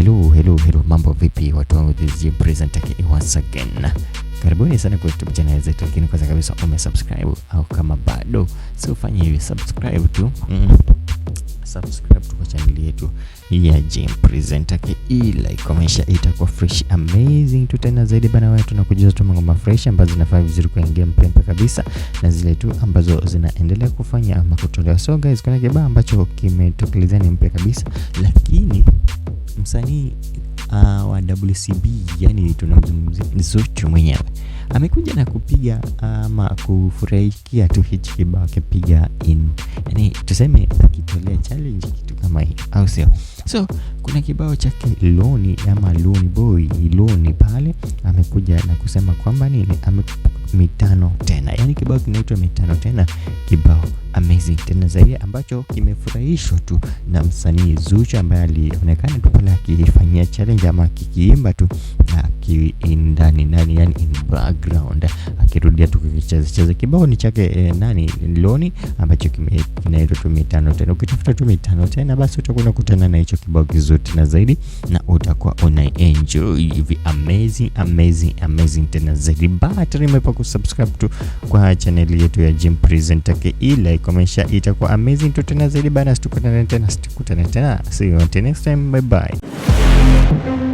Hello, hello, hello, mambo vipi watu wangu, this is present again once again. Karibuni sana kwa YouTube channel zetu, lakini kwanza kabisa ume subscribe au kama bado sio, fanya hivi subscribe tu mm. Subscribe tu kwa channel yetu ya Jim Presenter KE, like comment, share, itakuwa fresh amazing tu tena zaidi bana. Wewe tunakujuza tu mambo fresh ambazo zinafaa vizuri kwa game mpya kabisa, na zile tu ambazo zinaendelea kufanya ama kutolewa. So guys, kuna kibao ambacho kimetokelezea ni mpya kabisa, lakini msanii uh, wa WCB yani tunamzungumzia Zuchu mwenyewe amekuja na kupiga uh, ama uh, kufurahikia tu hichi kibao akipiga in yani, tuseme akitolea challenge kitu kama hii, au sio? So kuna kibao chake Loni ama Loni Boy Loni pale amekuja na kusema kwamba nini ame mitano tena, yani kibao kinaitwa mitano tena, kibao amazing tena zaidi, ambacho kimefurahishwa tu na msanii Zuchu ambaye alionekana tu pale akifanyia challenge ama kikiimba tu ki ndani ndani, yani in background, akirudia tu kukicheza Kibao ni chake eh, nani Loni ambacho kinaitwa tu mitano tena. Ukitafuta tu mitano tena, basi utakwenda kutana na hicho kibao kizuri tena zaidi, na utakuwa una enjoy hivi amazing amazing amazing tena zaidi. But remember imepa subscribe tu kwa channel yetu ya Jim Presenter ke, ila ikomesha, itakuwa amazing tu tena zaidi bana. Tukutane tena, tukutane tena, see you until next time, bye bye.